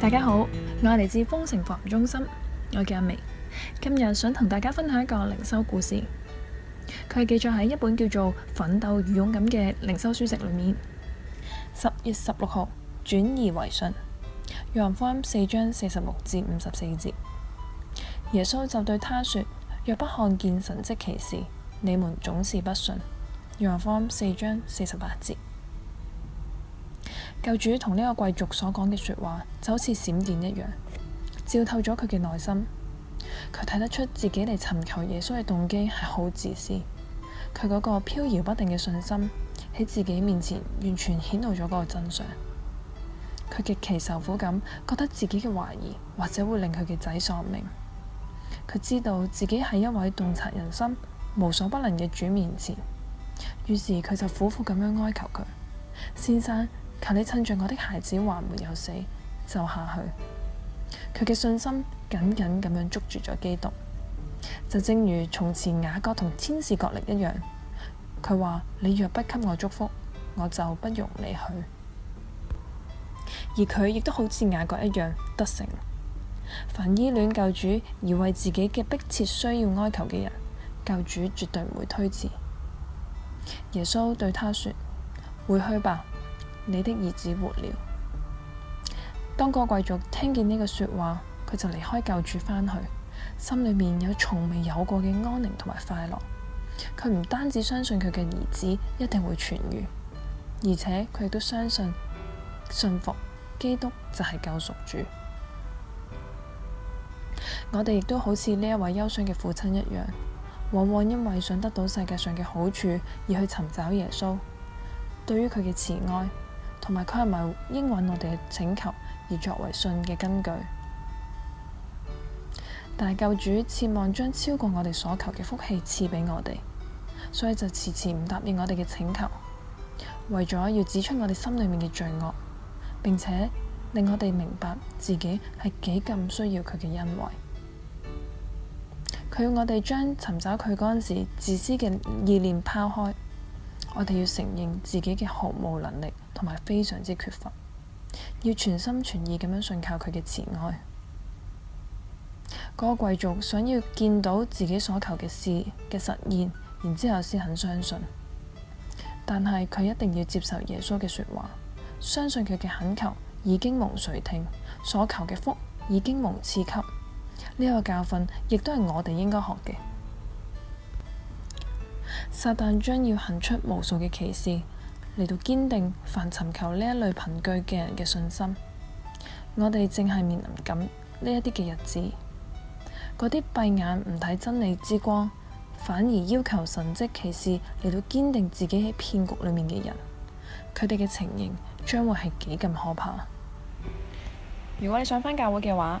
大家好，我係嚟自豐城福音中心，我叫阿薇，今日想同大家分享一個靈修故事，佢係記載喺一本叫做《奮鬥與勇敢》嘅靈修書籍裏面。十月十六號，轉疑為信，約翰福音四章四十六至五十四節，耶穌就對他說：若不看見神跡奇事，你們總是不信。約翰福音四章四十八節。救主同呢個貴族所講嘅說話就好似閃電一樣，照透咗佢嘅內心。佢睇得出自己嚟尋求耶穌嘅動機係好自私。佢嗰個飄搖不定嘅信心喺自己面前完全顯露咗嗰個真相。佢極其受苦咁，覺得自己嘅懷疑或者會令佢嘅仔喪命。佢知道自己係一位洞察人心、無所不能嘅主面前，於是佢就苦苦咁樣哀求佢，先生。求你趁着我的孩子還沒有死，就下去。佢嘅信心緊緊咁樣捉住咗基督，就正如從前雅各同天使角力一樣。佢話：你若不給我祝福，我就不容你去。而佢亦都好似雅各一樣得勝。凡依戀救主而為自己嘅迫切需要哀求嘅人，救主絕對唔會推辭。耶穌對他說：回去吧。你的兒子活了。當個貴族聽見呢個說話，佢就離開救主返去，心裏面有從未有過嘅安寧同埋快樂。佢唔單止相信佢嘅兒子一定會痊癒，而且佢亦都相信信服基督就係救贖主。我哋亦都好似呢一位憂傷嘅父親一樣，往往因為想得到世界上嘅好處而去尋找耶穌。對於佢嘅慈愛。同埋佢係咪應允我哋嘅請求而作為信嘅根據？但係救主切望將超過我哋所求嘅福氣賜俾我哋，所以就遲遲唔答應我哋嘅請求，為咗要指出我哋心裏面嘅罪惡，並且令我哋明白自己係幾咁需要佢嘅恩惠。佢要我哋將尋找佢嗰陣時自私嘅意念拋開。我哋要承認自己嘅毫無能力，同埋，非常之缺乏，要全心全意咁樣信靠佢嘅慈愛。嗰個貴族想要見到自己所求嘅事嘅實現，然之後先肯相信。但係佢一定要接受耶穌嘅說話，相信佢嘅懇求已經蒙垂聽，所求嘅福已經蒙賜及。呢個教訓亦都係我哋應該學嘅。撒旦將要行出無數嘅奇事，嚟到堅定凡尋求呢一類憑據嘅人嘅信心。我哋正係面臨緊呢一啲嘅日子。嗰啲閉眼唔睇真理之光，反而要求神蹟奇事嚟到堅定自己喺騙局裏面嘅人，佢哋嘅情形將會係幾咁可怕。如果你想返教會嘅話，